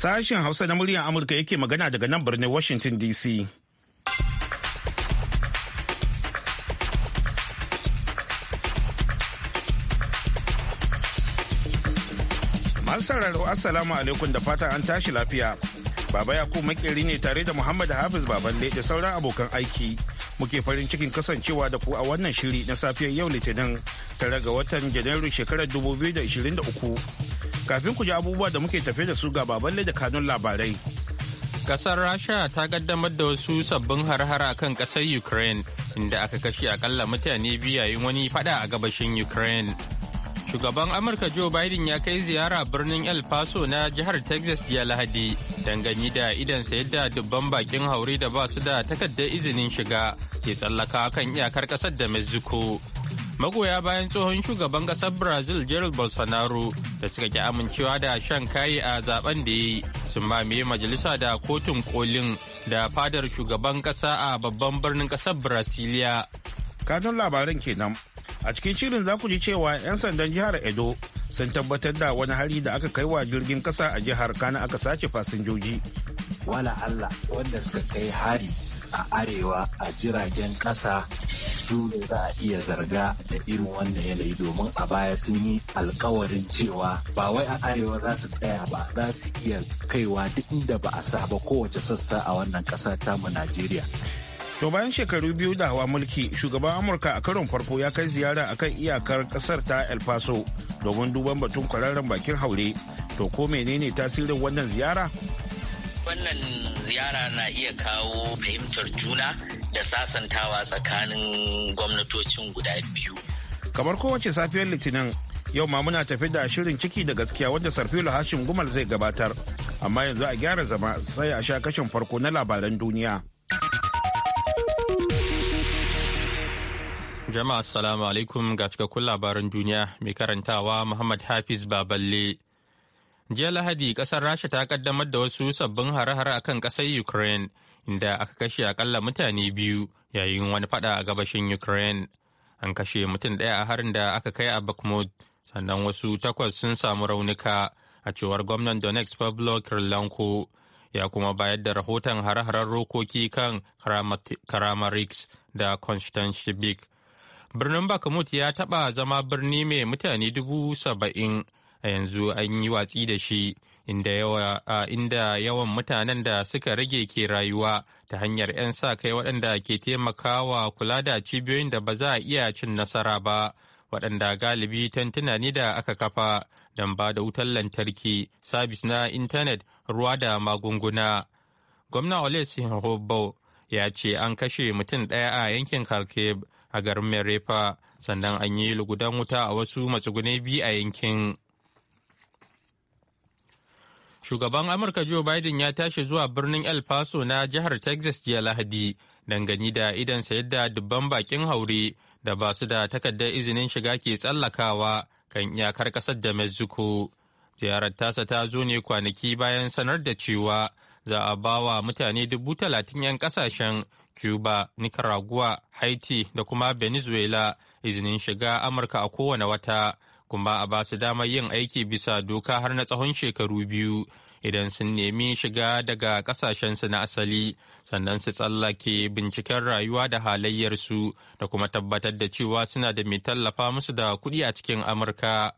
Sashen Hausa na muryar Amurka yake magana daga nan birnin Washington DC. sauraro Assalamu alaikum da fata an tashi lafiya. Baba Yakubu makeri ne tare da Muhammad Hafiz Baballe da sauran abokan aiki. Muke farin cikin kasancewa da ku a wannan shiri na safiyar yau Litinin tare ga watan Janairu shekarar 2023. Kafin ku ji abubuwa da muke tafe da su ga baban da kanun labarai. Kasar Rasha ta kaddamar da wasu sabbin har a kan kasar Ukraine inda aka kashe akalla mutane yayin wani fada a gabashin Ukraine. Shugaban Amurka Joe Biden ya kai ziyara birnin El Paso na jihar Texas jiya Lahadi dangane da idansa yadda dubban bakin haure da ba su da takardar izinin shiga ke tsallaka kan iyakar kasar da Mexico. magoya bayan tsohon shugaban ƙasar brazil gerald bolsonaro da suka ki amincewa da shan kayi a zaben da ya yi sun mamaye majalisa da kotun kolin da fadar shugaban ƙasa a babban birnin ƙasar brasilia kanun labaran kenan a cikin shirin za ku ji cewa 'yan sandan jihar edo sun tabbatar da wani hari da aka kai wa jirgin kasa a jihar kana aka sace fasinjoji wala allah wanda suka kai hari a arewa a jiragen kasa su za a iya zarga da irin wannan yanayi domin a baya sun yi alkawarin cewa ba wai a arewa za su tsaya ba za su iya kaiwa duk inda ba a sa ba kowace sassa a wannan ƙasa mu najeriya To bayan shekaru biyu da hawa mulki, shugaban Amurka a karon farko ya kai ziyara a kan iyakar kasar ta El Paso domin duban batun kwararren bakin haure. To ko menene tasirin wannan ziyara? wannan ziyara na iya kawo fahimtar juna da sasantawa tsakanin gwamnatocin guda biyu. Kamar kowace safiyar Litinin, yau ma muna tafi da shirin ciki da gaskiya wanda Sarfilo Hashim Gumal zai gabatar. Amma yanzu a gyara zama sai a sha kashin farko na labaran duniya. Jama'a assalamu alaikum ga cikakkun labaran duniya mai karantawa Muhammad Hafiz Baballe. Jiya Lahadi kasar Rasha ta kaddamar da wasu sabbin hare-hare akan kasar Ukraine inda aka kashe akalla mutane biyu yayin wani fada a gabashin Ukraine. An kashe mutum ɗaya a harin da aka kai a Bakhmut sannan wasu takwas sun samu raunuka a cewar gwamnan Donetsk Pablo kirlanko ya kuma bayar da rahoton hare-haren rokoki kan Karamarix da konstantin Birnin Bakhmut ya taɓa zama birni mai mutane dubu saba'in a yanzu an yi watsi da shi inda yawan mutanen da suka rage ke rayuwa ta hanyar 'yan sa kai waɗanda ke taimakawa kula da cibiyoyin da ba za a iya cin nasara ba waɗanda galibi tantuna ne da aka kafa don ba da wutar lantarki sabis na intanet ruwa da magunguna gwamna olesin hobo ya ce an kashe mutum ɗaya a yankin kharkiv a garin merefa sannan an yi lugudan wuta a wasu matsugune biyu a yankin Shugaban Amurka Joe Biden ya tashi zuwa birnin El Paso na jihar Texas jiya Lahadi, dangane da idansa yadda dubban bakin haure da ba su da takardar izinin shiga ke tsallakawa kan iyakar ƙasar da Mexico. Ziyarar tasa ta zo ne kwanaki bayan sanar da cewa za a ba wa mutane dubu talatin 'yan ƙasashen Cuba, Nicaragua, Haiti da kuma Venezuela izinin shiga Amurka a kowane wata. kuma a ba su damar yin aiki bisa doka har na tsawon shekaru biyu idan sun nemi shiga daga kasashensu na asali sannan su tsallake binciken rayuwa da halayyarsu da kuma tabbatar da cewa suna da mai tallafa musu da kuɗi a cikin amurka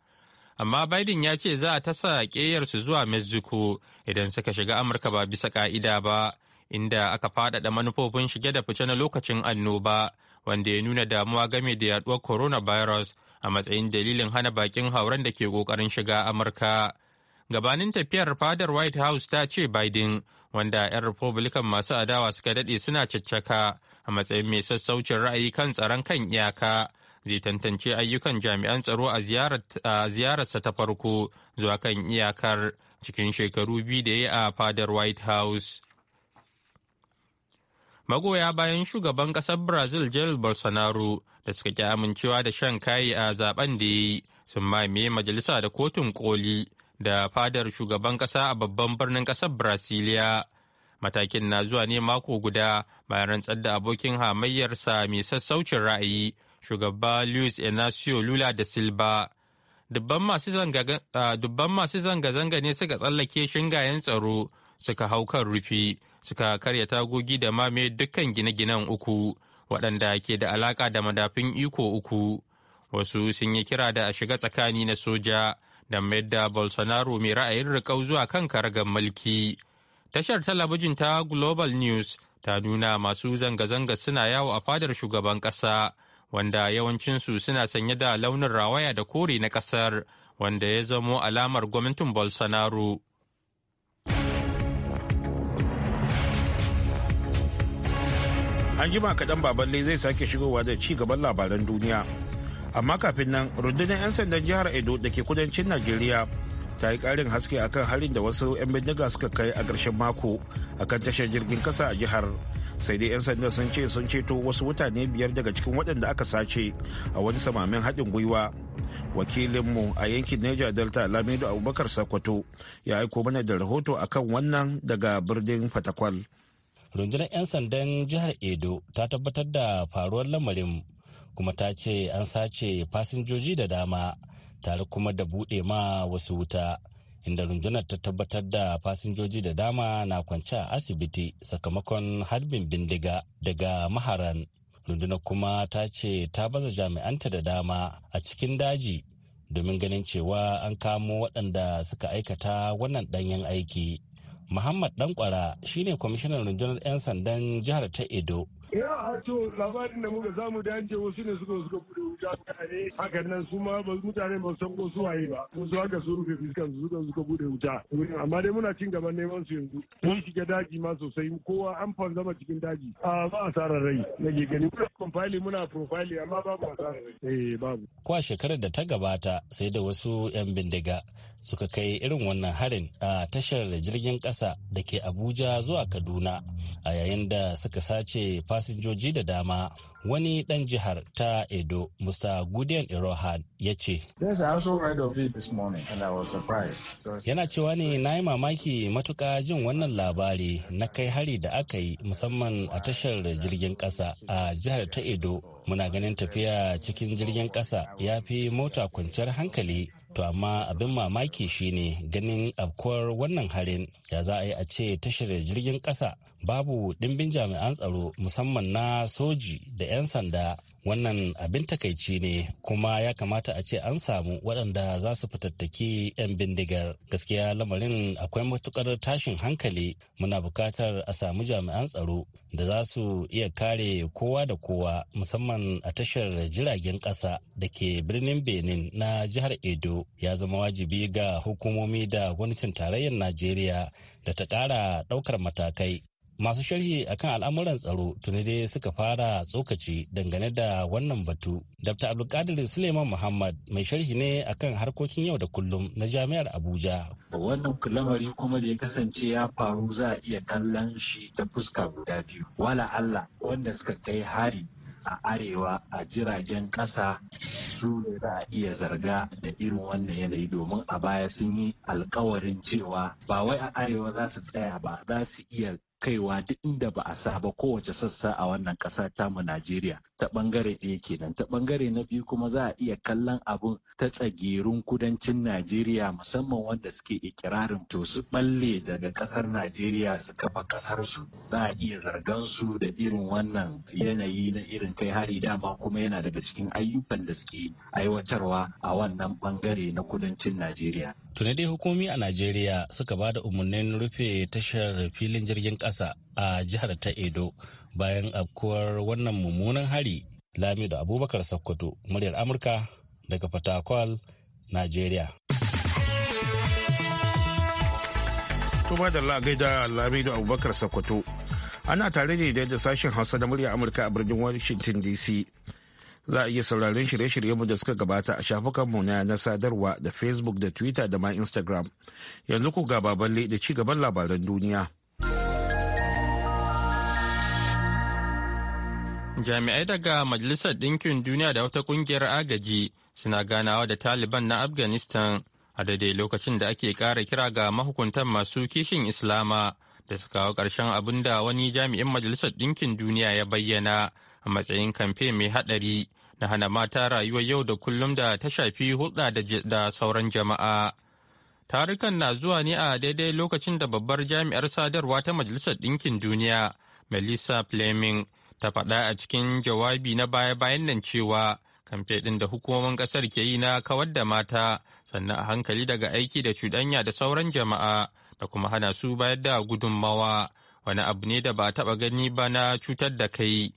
amma biden ya ce za a tasa ƙeyarsu zuwa mexico idan suka shiga amurka ba bisa ƙa'ida ba inda aka faɗaɗa manufofin shige da fice na lokacin annoba wanda ya nuna damuwa game da yaduwar coronavirus a matsayin dalilin hana bakin hauren da ke kokarin shiga amurka gabanin tafiyar fadar white house ta ce biden wanda 'yan republican masu adawa suka daɗe suna caccaka a matsayin mai sassaucin ra'ayi kan tsaron kan iyaka zai tantance ayyukan jami'an tsaro a ziyararsa ta farko zuwa kan iyakar cikin shekaru biyu da ya yi a fadar white house magoya bayan shugaban ƙasar Brazil Jair Bolsonaro da suka ki amincewa da shan kayi a zaben da ya yi sun mamaye majalisa da kotun koli da fadar shugaban ƙasa a babban birnin ƙasar Brasilia. Matakin na zuwa ne mako guda bayan rantsar da abokin hamayyarsa mai sassaucin ra'ayi shugaba Luis Inacio Lula da Silva. Dubban masu zanga-zanga ne suka tsallake shingayen tsaro suka hau kan rufi suka karya tagogi da mame dukkan gine-ginen uku waɗanda ke da alaƙa da madafin iko uku wasu sun yi kira da a shiga tsakani na soja da mayar da bolsonaro mai ra'ayin riƙau zuwa kan karagar mulki tashar talabijin ta global news ta nuna masu zanga-zanga suna yawo a fadar shugaban ƙasa wanda yawancinsu suna sanye da launin rawaya da kore na ƙasar wanda ya zamo alamar gwamnatin bolsonaro an jima kaɗan baballe zai sake shigowa da ci gaban labaran duniya amma kafin nan rundunar 'yan sandan jihar edo da ke kudancin najeriya ta yi ƙarin haske akan harin da wasu 'yan bindiga suka kai a ƙarshen mako akan tashar jirgin kasa a jihar sai dai 'yan sandan sun ce sun ceto wasu mutane biyar daga cikin waɗanda aka sace a wani samamin haɗin gwiwa wakilinmu a yankin niger delta lamido abubakar sakwato ya aiko mana da rahoto akan wannan daga birnin fatakwal. rundunar 'yan sandan jihar edo ta tabbatar da faruwar lamarin kuma ta ce an sace fasinjoji da dama tare kuma da buɗe ma wasu wuta inda rundunar ta tabbatar da fasinjoji da dama na kwance a asibiti sakamakon harbin bindiga daga maharan rundunar kuma ta ce ta baza jami'anta da dama a cikin daji domin ganin cewa an kamo waɗanda suka aikata wannan ɗanyen aiki muhammad dankwara shine kwamishinan rundunar 'yan sandan jihar ta edo ya hato labarin da muka samu da yanke wasu ne suka suka kudu wuta mutane haka nan su ma ba mutane ba san ko su waye ba su haka su rufe fiskan su suka suka bude wuta amma dai muna cin gaban neman su yanzu mun shiga daji ma sosai kowa an fanzama cikin daji a ba tsara rai nake gani muna profile muna profile amma babu tsara rai eh babu kwa shekarar da ta gabata sai da wasu yan bindiga suka kai irin wannan harin a tashar jirgin kasa da ke Abuja zuwa Kaduna a yayin da suka sace fasa fasinjoji da dama wani dan jihar ta edo musa gudiyan irohan ya ce yana cewa ne na yi mamaki matuka jin wannan labari na kai hari da aka yi musamman a tashar jirgin ƙasa a jihar ta edo muna ganin tafiya cikin jirgin ƙasa ya fi mota kwanciyar hankali to amma abin mamaki shine ganin afkuwar wannan harin ya za a yi a ce tashar jirgin ƙasa babu ɗimbin jami'an tsaro musamman na soji da 'yan sanda wannan abin takaici ne kuma ya kamata a ce an samu waɗanda za su fitattaki 'yan bindigar gaskiya lamarin akwai matukar tashin hankali muna buƙatar a samu jami'an tsaro da za su iya kare kowa da kowa musamman a tashar jiragen ƙasa da ke birnin benin na jihar edo ya zama wajibi ga hukumomi da gwamnatin tarayyar najeriya da ta ƙara ɗaukar matakai masu sharhi akan al'amuran tsaro tuni dai suka fara tsokaci dangane da wannan batu dr abdulkadir suleiman muhammad mai sharhi ne akan harkokin yau da kullum na jami'ar abuja wannan kulamari kuma da ya kasance ya faru za a iya kallon shi ta fuska guda biyu wala allah wanda suka kai hari a arewa a jiragen ƙasa su ne za a iya zarga da irin wannan yanayi domin a baya sun yi alkawarin cewa ba wai a arewa za su tsaya ba za su iya kaiwa duk inda ba a sa ba kowace sassa a wannan ƙasa ta mu Najeriya ta bangare ɗaya kenan ta bangare na biyu kuma za a iya kallon abun ta tsagerun kudancin Najeriya musamman wanda suke ikirarin to su balle daga ƙasar Najeriya su kafa ƙasar su za a iya zargan su da irin wannan yanayi na irin kai hari dama kuma yana daga cikin ayyukan da suke aiwatarwa a wannan bangare na kudancin Najeriya. Tuni dai hukumi a Najeriya suka ba da umarnin rufe tashar filin jirgin ƙasa ƙasa a jihar ta Edo bayan afkuwar wannan mummunan hari Lamido Abubakar Sokoto muryar Amurka daga Fatakwal, Najeriya. Tuba da gaida Lamido Abubakar Sokoto. Ana tare ne da sashen Hausa da muryar Amurka a birnin Washington DC. Za a iya sauraron shirye-shiryenmu da suka gabata a shafukanmu na na sadarwa da Facebook da Twitter da ma Instagram. Yanzu ku ga baballe da ci gaban labaran duniya. Jami'ai daga Majalisar Ɗinkin Duniya da wata ƙungiyar agaji suna ganawa da Taliban na Afghanistan a daidai lokacin da ake ƙara kira ga mahukuntan masu kishin Islama da su kawo ƙarshen abin da wani jami'in Majalisar Ɗinkin Duniya ya bayyana a matsayin kamfe mai haɗari na hana mata rayuwar yau da kullum da ta shafi hulɗa da da sauran jama'a. Tarukan na zuwa ne a daidai lokacin da babbar jami'ar sadarwa ta Majalisar Ɗinkin Duniya, Melissa Fleming, ta faɗa a cikin jawabi na baya-bayan nan cewa kamfe ɗin da hukumomin ƙasar ke yi na kawar da mata sannan a hankali daga aiki da cuɗanya da sauran jama'a da kuma hana su bayar da gudunmawa wani abu ne da ba a taɓa gani ba na cutar da kai.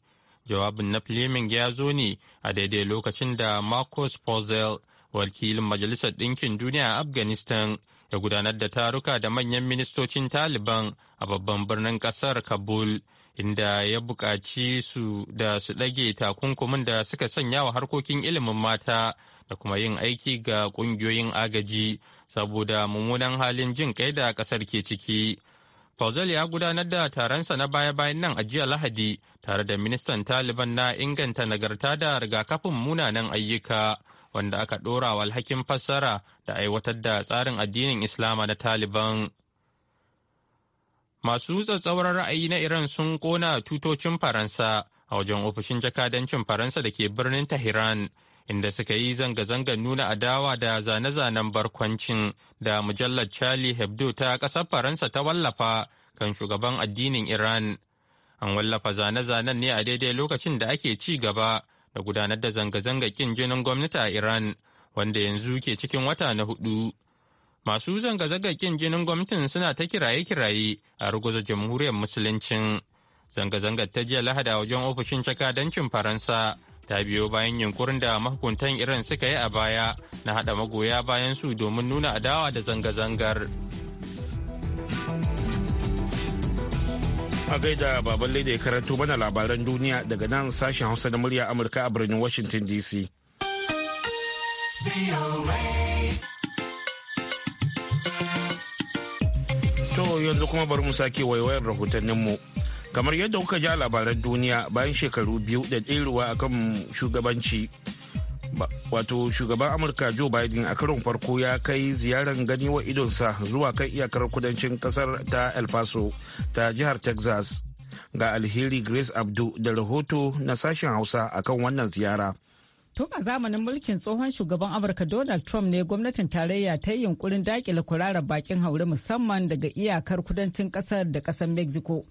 Jawabin na Fleming ya zo ne a daidai lokacin da Marcos Pozel, wakilin Majalisar Ɗinkin Duniya a Afghanistan, ya gudanar da taruka da manyan ministocin Taliban a babban birnin ƙasar Kabul inda ya buƙaci su da su ɗage takunkumin da suka sanya wa harkokin ilimin mata da kuma yin aiki ga ƙungiyoyin agaji saboda mummunan halin jin kai da ƙasar ke ciki. Fauzal ya gudanar da taronsa na baya-bayan nan a jiya Lahadi tare da ministan Taliban na inganta nagarta da rigakafin munanan ayyuka wanda aka ɗora wa alhakin fassara da aiwatar da tsarin addinin Islama na Taliban. Masu tsatsauran ra'ayi na Iran sun kona tutocin Faransa a wajen ofishin jakadancin Faransa da ke birnin Tehran, inda suka yi zanga-zangar nuna adawa da zane-zanen barkwancin da mujallar Charlie Hebdo ta ƙasar Faransa ta wallafa kan shugaban addinin Iran. An wallafa zane-zanen ne a daidai lokacin da ake ci gaba da gudanar da zanga-zanga kin jinin gwamnati a Iran, wanda yanzu ke cikin wata na hudu. Masu zanga zangar kin jinin gwamnatin suna ta kiraye-kiraye a ruguza jamhuriyar musuluncin. Zanga-zangar ta jiya lahada wajen ofishin cakadancin Faransa ta biyo bayan yunkurin da mahukuntan Iran suka yi a baya na hada magoya bayan su domin nuna adawa da zanga-zangar. a gaida baban da ya karanto mana labaran duniya daga nan sashen hausa na murya amurka a birnin washington dc. yanzu kuma bari mu sake waiwayar rahotanninmu. Kamar yadda kuka ja labaran duniya bayan shekaru biyu da ɗeruwa akan shugabanci. Wato shugaban Amurka Joe Biden a karon farko ya kai ziyarar gani wa idonsa zuwa kan iyakar kudancin kasar ta El Paso ta jihar Texas. Ga alheri Grace Abdu da rahoto na sashen Hausa akan wannan ziyara. Tun a zamanin mulkin tsohon shugaban Amurka Donald Trump ne gwamnatin tarayya ta yi yunkurin dakile kurarar bakin haure musamman daga iyakar kudancin ƙasar da ƙasar Mexico.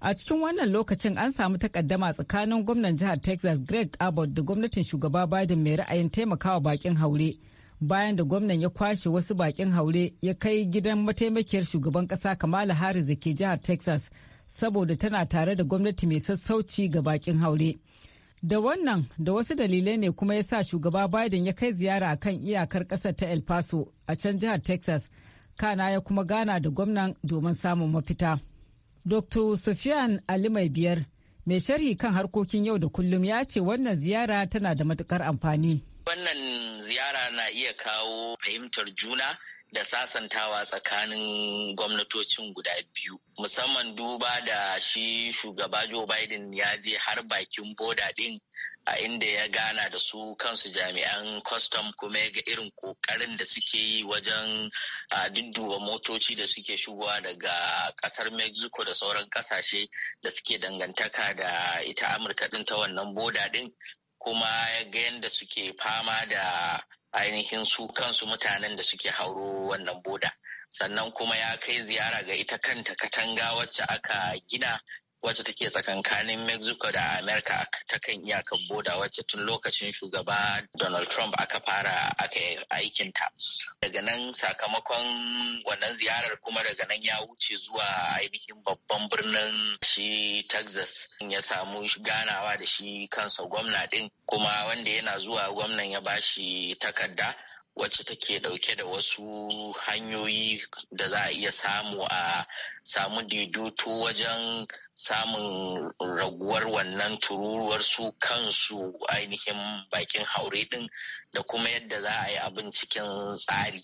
A cikin wannan lokacin an samu takaddama tsakanin gwamnan jihar Texas Greg Abbott da gwamnatin shugaba Biden mai ra'ayin taimakawa bakin haure. Bayan da gwamnan ya kwashe wasu bakin haure ya kai gidan mataimakiyar shugaban ƙasa Kamala Harris da ke jihar Texas saboda tana tare da gwamnati mai sassauci ga bakin haure. Da wannan da wasu dalilai ne kuma ya sa shugaba Biden ya kai ziyara a kan iyakar ƙasar ta El Paso a can jihar Texas, kana ya kuma gana da gwamnan domin samun mafita. Dr. Sufyan Ali mai biyar, mai sharhi kan harkokin yau da kullum ya ce wannan ziyara tana da matukar amfani. Wannan ziyara na iya kawo fahimtar juna da sasantawa tsakanin gwamnatocin guda biyu musamman duba da shi shugaba Joe Biden ya je har bakin boda din a inda ya gana da su kansu jami'an Custom kuma ya ga irin kokarin da suke yi wajen dudduba motoci da suke shigowa daga kasar mexico da sauran kasashe da suke dangantaka da ita amurka din ta wannan boda din kuma ya ga yadda suke fama da ainihin su kansu mutanen da suke hauro wannan boda sannan kuma ya kai ziyara ga ita kanta katanga wacce aka gina wacce take tsakankanin Mexico da America ta kan iyakar boda wacce tun lokacin shugaba Donald Trump aka fara aka aikinta. Daga nan sakamakon wannan ziyarar kuma daga nan ya wuce zuwa ainihin babban birnin shi Texas ya samu ganawa da shi kansa gwamna din kuma wanda yana zuwa gwamnan ya bashi takarda wacce take dauke da wasu hanyoyi da za a iya samu a samu daidaito wajen samun raguwar wannan tururuwar su kansu ainihin bakin haure din da kuma yadda za a yi abin cikin tsari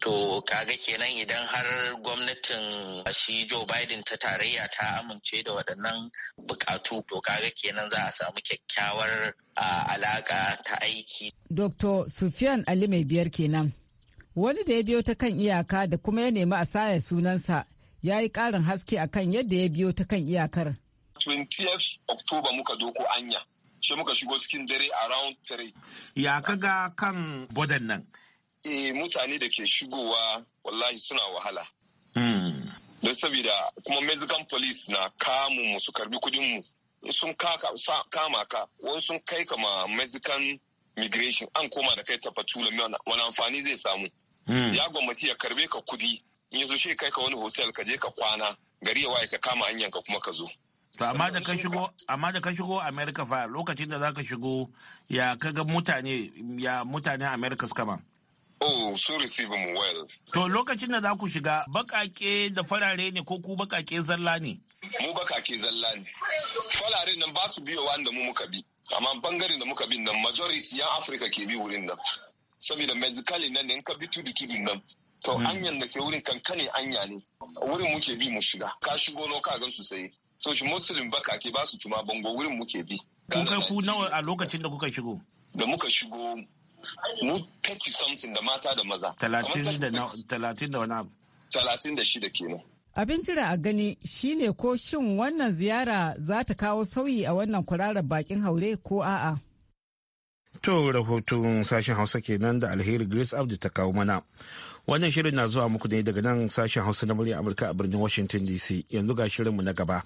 To kaga kenan idan har gwamnatin shi Joe Biden ta tarayya ta amince da waɗannan bukatu to kaga kenan za a samu kyakkyawar alaƙa ta aiki. Dr. Sufyan Ali mai biyar kenan. Wani da ya biyo ta kan iyaka da kuma ya nemi a saya sunansa ya yi ƙarin haske a kan yadda ya biyo ta kan iyakar. 20th October muka doko anya, shi muka shigo cikin dare around 3. Ya kaga kan bodan nan. e, mutane da ke shigowa wallahi suna wahala. Hmm. Don sabida kuma Mexican police na kamun mu karbi kudin mu sun kama ka wani sun kai kama Mexican migration an koma da kai tafatula wani amfani zai samu. Hmm. Ya gwamnati ya karbe ka kudi in yazo shi kai ka wani hotel ka je ka kwana gari ya ka kama hanyar ka kuma ka zo. amma da ka shigo amma America fa lokacin da za ka shigo ya kaga mutane ya mutane America suka ma. Oh, su receive mu well. To lokacin da za ku shiga bakake da farare ne ko ku bakake zalla ne? Mu bakake zalla ne. Fararen nan ba su biyo wanda mu muka bi. Amma bangare da muka bi nan majority yan Africa ke bi wurin nan. Saboda mezikali nan ne ka bi tudu kidin nan. To hmm. anyan da ke wurin kankane anya ne. Wurin muke bi mu shiga. Ka shigo no ka gan su sai. So shi Muslim bakake ba su tuma bango wurin muke bi. Kun kai ku nawa a lokacin da kuka shigo? Da muka shigo mu 30 something da mata da maza 30 da wani abu talatin da shida kenan Abin jira a gani shine ko shin wannan ziyara za ta kawo sauyi a wannan kwararar bakin haure ko a'a. To rahoton sashen Hausa kenan da alheri Grace Abdi ta kawo mana. Wannan shirin na zuwa muku ne daga nan sashen Hausa na murya Amurka a birnin Washington DC yanzu ga shirinmu na gaba.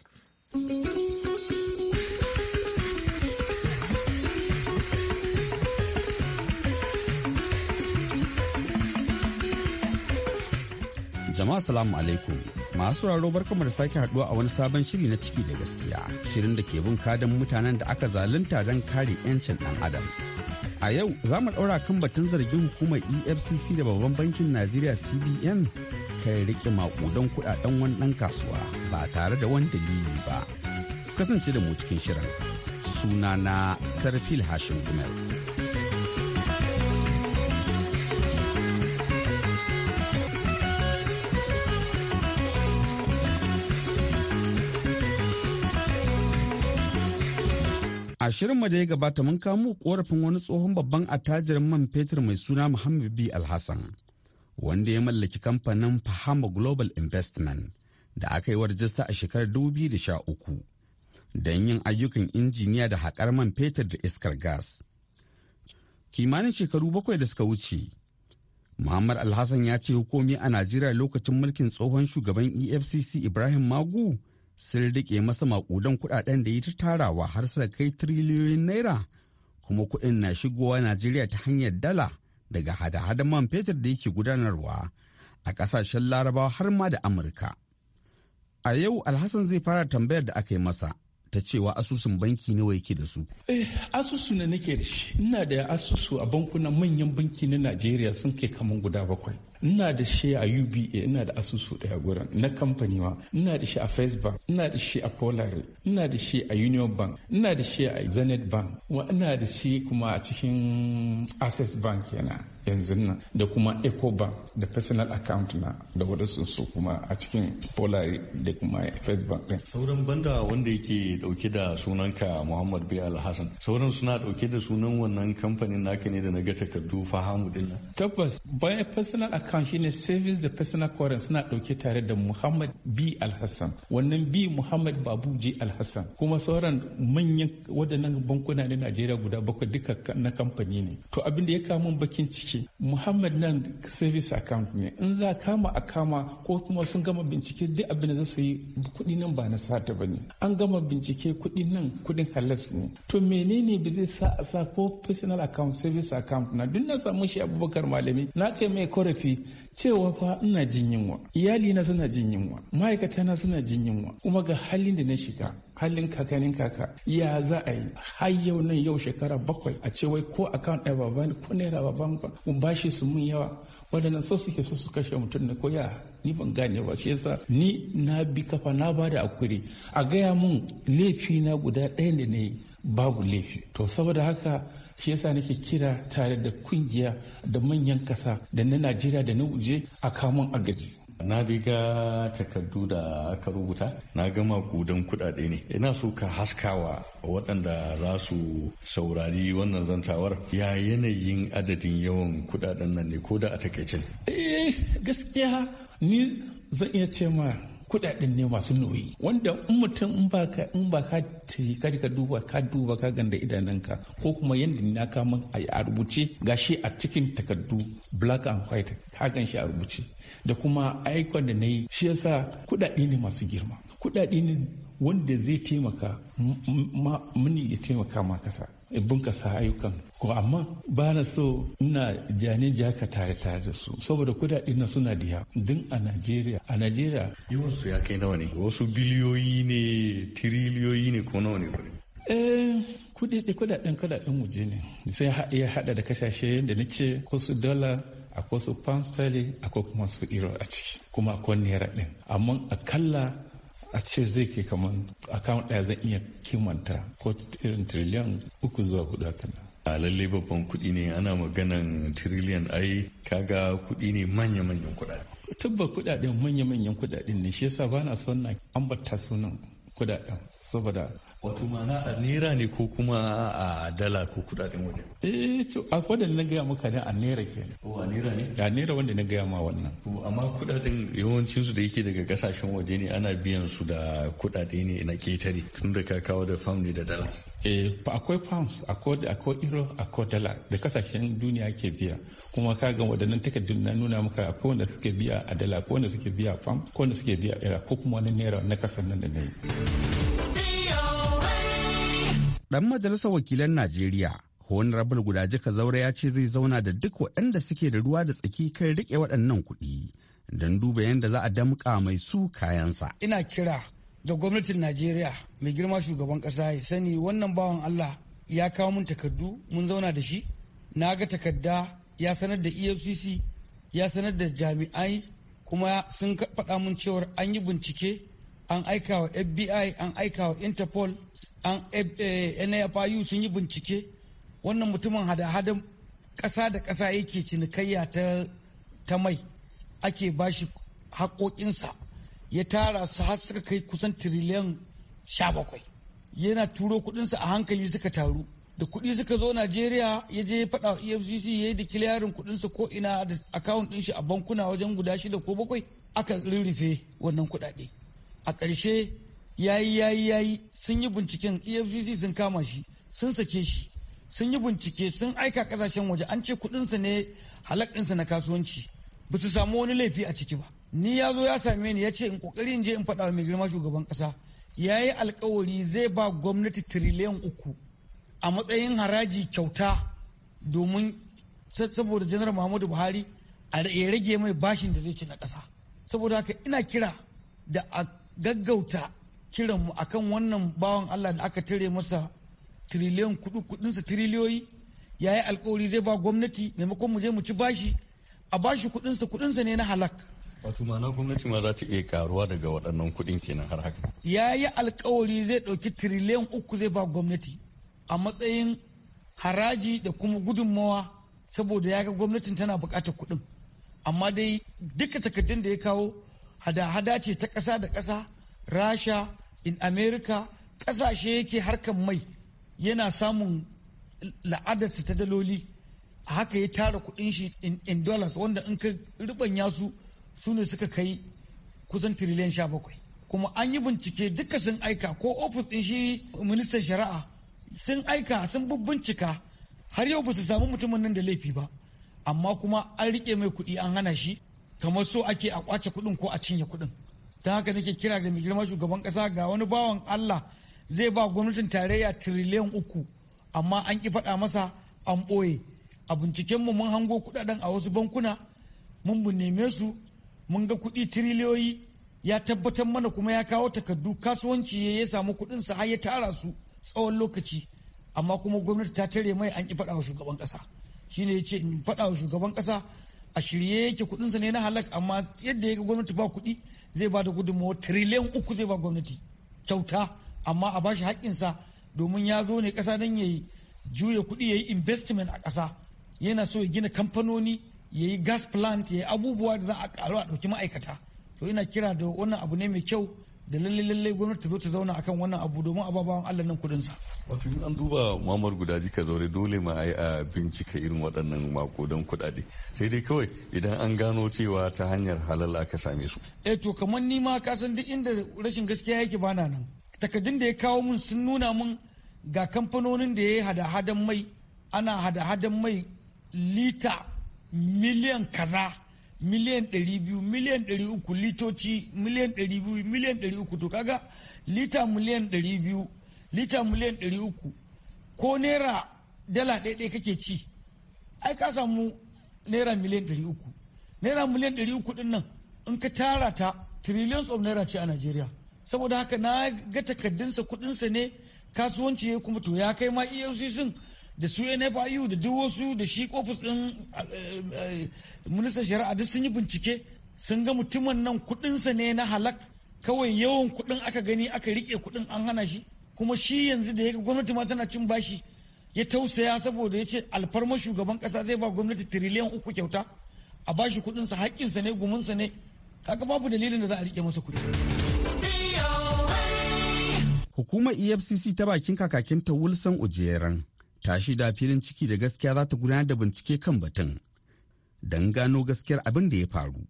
Jama'a salamu alaikum. Masu sauraro barkamu da sake haduwa a wani sabon shiri na ciki da gaskiya. Shirin da ke bin kadan mutanen da aka zalunta don kare 'yancin dan adam. A yau za mu daura kan batun zargin hukumar EFCC da babban bankin Najeriya CBN kai rike makudan kudaden wani ɗan kasuwa ba tare da wani dalili ba. Kasance da mu cikin shirin. Suna na Sarfil Hashim Gumel. A shirinmu da ya gabata mun kamo korafin wani tsohon babban attajirin man fetur mai suna Muhammad B. Alhassan, wanda ya mallaki kamfanin Fahama Global Investment da aka yi wa rajista a shekarar 2013 don yin ayyukan injiniya da haƙar man fetur da iskar gas. Kimanin shekaru bakwai da suka wuce, Muhammad Alhassan ya ce hukumi a Najeriya lokacin mulkin tsohon shugaban EFCC Ibrahim Magu sun rike masa makudan kudaden da ya ta tarawa har suka kai tiriliyoyin naira kuma kudin na shigowa najeriya ta hanyar dala daga hada-hadan man fetur da yake gudanarwa a kasashen larabawa har ma da amurka a yau alhassan zai fara tambayar da aka yi masa ta cewa asusun banki nawa yake da su? Eh, asusu na nake da shi. Ina da asusu a bankuna manyan banki na Najeriya sun kai kaman guda bakwai. ina da shi a uba ina da asusu daya gurin na kamfani ma ina da shi a first bank ina da shi a polari ina da shi a union bank ina da shi a zenith bank wa ina da shi kuma a cikin access bank yana yanzu nan da kuma ECOBA da personal account na da waɗansu su kuma a cikin polar da kuma first bank din sauran banda wanda yake dauke da sunanka muhammad bai alhassan sauran suna dauke da sunan wannan kamfanin naka ne da na ga takardu fahamu din nan tabbas bayan personal account shine service da personal current suna dauke tare da muhammad b alhassan wannan b muhammad j alhassan kuma sauran manyan waɗannan bankuna na najeriya guda bakwai duka na kamfani ne to abin da ya kawo min bakin ciki bincike muhammad nan service account ne in za kama a kama ko kuma sun gama bincike duk abin da za su yi kuɗi nan ba na sata ba ne an gama bincike kuɗi nan kuɗin halas ne to menene ne zai sa a sa ko personal account service account na duk na samu shi abubakar malami na kai mai korafi cewa fa ina jin yunwa iyali na suna jin yunwa ma'aikata na suna jin yunwa kuma ga halin da na shiga halin kakanin kaka ya za a yi har yau nan yau shekara bakwai a ce wai ko akan ɗaya baban ko naira baban ba shi su mun yawa waɗannan so suke so su kashe mutum ne ko ya ni ban gane ba shi yasa ni na bi kafa na ba da akuri a gaya mun laifi na guda ɗaya da na yi babu laifi to saboda haka shi yasa nake kira tare da kungiya da manyan ƙasa da na najeriya da na waje a kamun agaji na riga takardu da aka rubuta na gama kudan kudade ne ina so ka haskawa waɗanda za su saurari wannan zantawar ya yanayin adadin yawan kudaden nan ne ko da a takaice eh gaskiya ni zan iya ce ma kudaden ne masu nauyi wanda in mutum in ba ka in ba ka ka ka duba ka duba ka ganda idananka ko kuma yanda na kama a rubuce shi a cikin takardu black and white ka gan shi a rubuce da kuma aikon da na yi shi yasa kudade ne masu girma kudade ne wanda zai taimaka mini ya taimaka ma kasa bunkasa ayyukan ko amma ba na so ina jani jaka tare tare da su saboda kudaden na suna diya din a Najeriya a Najeriya yawan su ya kai nawa ne wasu biliyoyi ne tiriliyoyi ne ko nawa ne eh kudaden kudaden kudaden waje ne sai ya hada da kasashe na ce ko su dala akwai su pound sterling akwai kuma su euro a ciki kuma akwai naira din amma akalla a ce zai ke kamar account ɗaya zan iya kimanta ko irin triliyan uku zuwa hudu haka a lalle babban kuɗi ne ana maganan triliyan ai kaga kuɗi ne manya-manyan kuɗaɗe tabba kuɗaɗen manya-manyan kuɗaɗen ne shi yasa ba na son na ambata sunan kuɗaɗen saboda wato mana a naira ne ko kuma a dala ko kudaden waje eh to a kodan na gaya maka ne a naira ke o oh, a naira ne a naira wanda na gaya ma wannan to oh, amma kudaden yawancin su da yake daga kasashen waje ne ana biyan su da kudade ne na ketare tun da ka kawo da pound da dala eh akwai pounds akwai akwai euro akwai dala da kasashen duniya ke biya kuma ka ga wadannan takardun na nuna maka akwai wanda suke biya a dala ko wanda suke biya pound ko wanda suke biya euro ko kuma wani naira na kasar nan da na yi Ɗan majalisar wakilan Najeriya, Honorable jika Zaure ya ce zai zauna da duk waɗanda suke da ruwa da tsaki kan rike waɗannan kuɗi don duba yadda za a damƙa mai su kayansa. Ina kira da gwamnatin Najeriya mai girma shugaban ƙasa ya sani wannan bawan Allah ya kawo mun takardu mun zauna da shi. Na ga takarda ya sanar da EFCC ya sanar da jami'ai kuma sun faɗa mun cewar an yi bincike an aika wa fbi an aika wa interpol an eh, nfiu sun yi bincike wannan mutumin hada-hadan ƙasa da ƙasa yake cinikayya ta mai ake bashi haƙoƙinsa ya tara su har suka kai kusan tiriliyan sha bakwai yana turo kuɗinsa a hankali suka taru da kuɗi suka zo najeriya ya je ya efcc ya yi da kiliyarin kuɗinsa ko ina da akawun ɗin shi a bankuna wajen guda shida ko bakwai aka rurrufe wannan kuɗaɗe a ƙarshe yayi yayi yayi sun yi binciken efcc sun kama shi sun sake shi sun yi bincike sun aika kasashen waje an ce kudinsa ne halakinsa na kasuwanci ba su samu wani laifi a ciki ba ni ya zo ya same ni ya ce in kokari in je in faɗa mai girma shugaban ƙasa ya yi alkawari zai ba gwamnati tiriliyan uku a matsayin haraji kyauta domin saboda janar muhammadu buhari a rage mai bashin da zai ci na ƙasa saboda haka ina kira da a gaggauta kiranmu a kan wannan bawan Allah da aka tare masa triliyon kudu kudinsa tiriliyoyi ya yi alkawari zai ba gwamnati maimakon mu je mu ci bashi a bashi kudinsa kudinsa ne na halak wato ma'ana gwamnati ma za ta iya karuwa daga waɗannan kuɗin kenan har haka ya yi alkawari zai ɗauki triliyon uku zai ba gwamnati a matsayin haraji da kuma gudunmawa saboda ya ga gwamnatin tana buƙatar kuɗin amma dai duka takardun da ya kawo hada-hada ce ta ƙasa da ƙasa rasha in america ƙasashe yake harkar mai yana samun la'adarsa ta daloli a haka ya tara kudin shi in dollars wanda in ka ribanya su su ne suka kai kusan tiriliyan sha bakwai kuma an yi bincike duka sun aika ko ofis din shi ministan shari'a sun aika sun bincika har yau ba su samu mutumin nan da laifi ba amma kuma an rike mai kuɗi an hana shi kamar so ake a kwace kuɗin ko a cinye kuɗin ta haka nake kira da mai girma shugaban ƙasa ga wani bawan allah zai ba gwamnatin tarayya tiriliyan uku amma an ki faɗa masa an ɓoye a mu mun hango kuɗaɗen a wasu bankuna mun neme su mun ga kuɗi tiriliyoyi ya tabbatar mana kuma ya kawo takardu kasuwanci ya samu sa har ya tara su tsawon lokaci amma kuma gwamnati ta tare mai an ki faɗa wa shugaban ƙasa shine ya ce in faɗa wa shugaban ƙasa a shirye yake kudinsa ne na halak amma yadda ya gwamnati ba kudi zai ba da gudunmawa triliyan uku zai ba gwamnati kyauta amma a bashi haƙƙinsa domin ya zo ne ƙasa don ya yi juya kuɗi ya yi investment a ƙasa yana so ya gina kamfanoni ya yi gas plant ya yi abubuwa da za a ƙaru a ɗauki ma'aikata to ina kira da wannan abu ne mai kyau da lalle lalle gwamnati zo ta zauna akan wannan abu domin ababen Allah nan kudin sa wato in an duba mamar guda jika zaure dole ma ai a bincika irin waɗannan makodan kuɗaɗe sai dai kawai idan an gano cewa ta hanyar halal aka same su eh to kamar ni ma ka san duk inda rashin gaskiya yake bana nan takaddun da ya kawo mun sun nuna mun ga kamfanonin da ya hada-hadan mai ana hada-hadan mai lita miliyan kaza miliyan 200 miliyan 300 litoci miliyan 200 miliyan 300 to kaga lita miliyan 200 lita miliyan 300 ko naira dala ɗaya kake ci ai ka samu naira miliyan 300 naira miliyan 300 din nan in ka tara ta trillions of naira ce a Najeriya saboda haka na ga takaddunsa kudinsa ne kasuwanci ya kuma to ya kai ma EFCC da su NFIU da duk wasu da shi ofis din eh, eh, ministan shari'a duk sun yi bincike sun ga mutumin nan kudinsa ne na halak kawai yawan kudin aka gani aka rike kudin an hana shi kuma shi yanzu da yaga gwamnati ma tana cin bashi ya tausaya saboda ya ce alfarmar shugaban kasa zai ba gwamnati tiriliyan uku kyauta a bashi kudinsa haƙƙinsa ne sa ne kaga babu dalilin da za a rike masa kudi. Hukumar EFCC ta bakin kakakinta Wilson ujeran Tashi shaida filin ciki da gaskiya za ta gudanar da bincike kan batun don gano gaskiyar abin da ya faru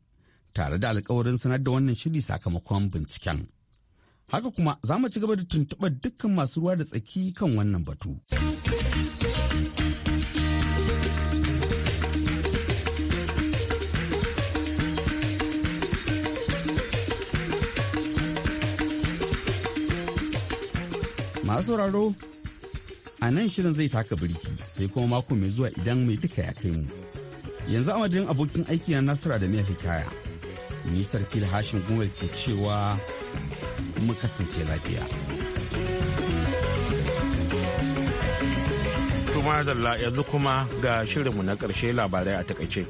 tare da alkawarin sanar da wannan shiri sakamakon binciken haka kuma za mu ci gaba da tuntuɓar dukkan masu ruwa da tsaki kan wannan batu masu sauraro a nan shirin zai taka birki sai kuma mako mai zuwa idan mai duka ya kai mu yanzu a madadin abokin aiki na nasara da mai kaya ni da hashin gumar ke cewa mu kasance lafiya kuma yanzu kuma ga shirinmu na karshe labarai a takaice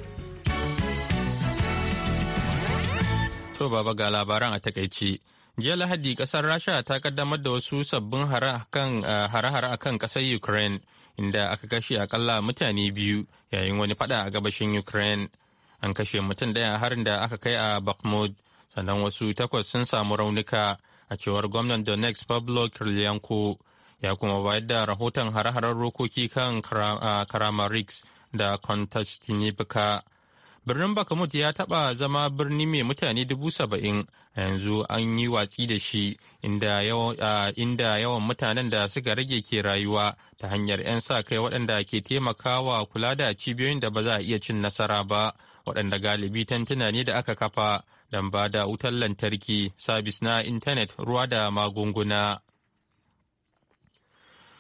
to baba ga labaran a takaice jiya lahadi kasar rasha ta kaddamar da wasu sabbin eh, hare-hare a kan kasar ukraine inda aka kashe akalla mutane biyu yayin wani fada a gabashin ukraine an kashe mutum daya harin da aka kai a bakhmut sannan wasu takwas sun samu raunuka a cewar gwamnan donetsk pablo kirlianko ya kuma bayar da rahoton hare-haren rokoki kan eh, kramarix da kontastinivka Birnin Bakamut ya taba zama birni mai mutane dubu saba'in a yanzu an yi watsi da shi inda yawan mutanen da suka rage ke rayuwa ta hanyar 'yan sa kai waɗanda ke taimakawa kula da cibiyoyin da ba za a iya cin nasara ba waɗanda galibi tantuna ne da aka kafa don ba da wutar lantarki sabis na intanet ruwa da magunguna.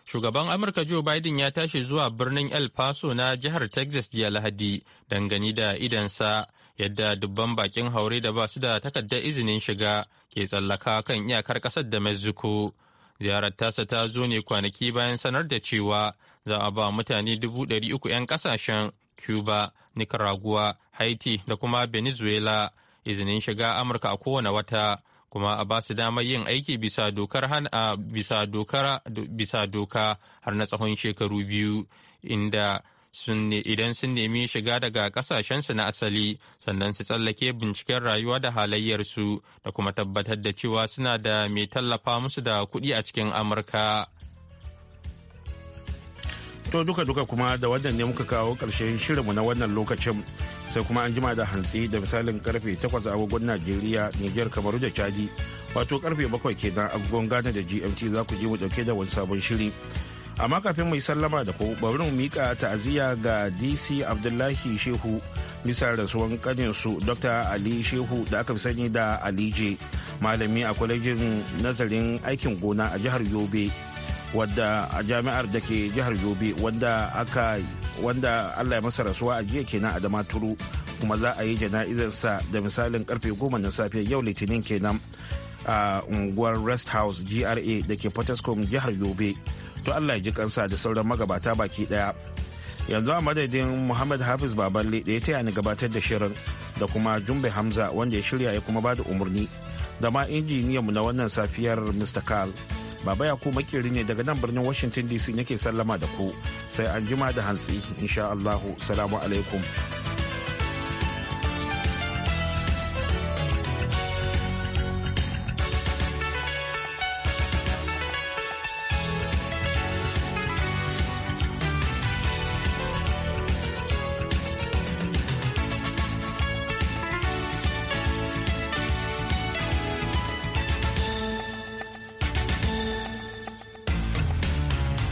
Shugaban Amurka Joe Biden ya tashi zuwa birnin El Paso na jihar Texas jiya Lahadi dangane da idansa yadda dubban bakin haure da basu da takardar izinin shiga ke tsallaka kan iyakar ƙasar da Mexico. Ziyarar tasa ta zo ne kwanaki bayan sanar da cewa za a ba mutane dubu ɗari uku 'yan ƙasashen Cuba, Nicaragua, Haiti da kuma Venezuela izinin shiga Amurka a kowane wata. kuma a ba su damar yin aiki bisa dokar bisa doka har na tsawon shekaru biyu inda idan sun nemi shiga daga kasashensu na asali sannan su tsallake binciken rayuwa da halayyarsu da kuma tabbatar da cewa suna da mai tallafa musu da kuɗi a cikin amurka to duka-duka kuma da wannan ne muka kawo ƙarshen shirinmu na wannan lokacin sai kuma an jima da hantsi da misalin karfe 8 agogon najeriya niger kamaru da chadi wato karfe 7 kenan agogon ghana da gmt za ku je mu dauke da wani sabon shiri amma kafin mai sallama da ku bari mu mika ta'aziyya ga dc abdullahi shehu bisa rasuwan su dr ali shehu da aka fi sani da alije malami a kwalejin nazarin aikin gona a jihar yobe wadda a jami'ar da ke jihar yobe wadda aka wanda allah ya masa rasuwa a jiya kenan a dama turu kuma za a yi jana'izarsa da misalin karfe goma na safe yau litinin kenan a unguwar rest house gra da ke potoscom jihar yobe to allah ya ji kansa da sauran magabata baki daya yanzu a madadin muhammad hafiz baballe da ya taya ni gabatar da shirin da kuma jumbe hamza wanda ya shirya ya kuma bada umarni da ma injiniyanmu na wannan safiyar mr karl Baba ku makeri ne daga nan birnin Washington DC nake sallama da ku sai an jima da hantsi insha Allahu salamu alaikum.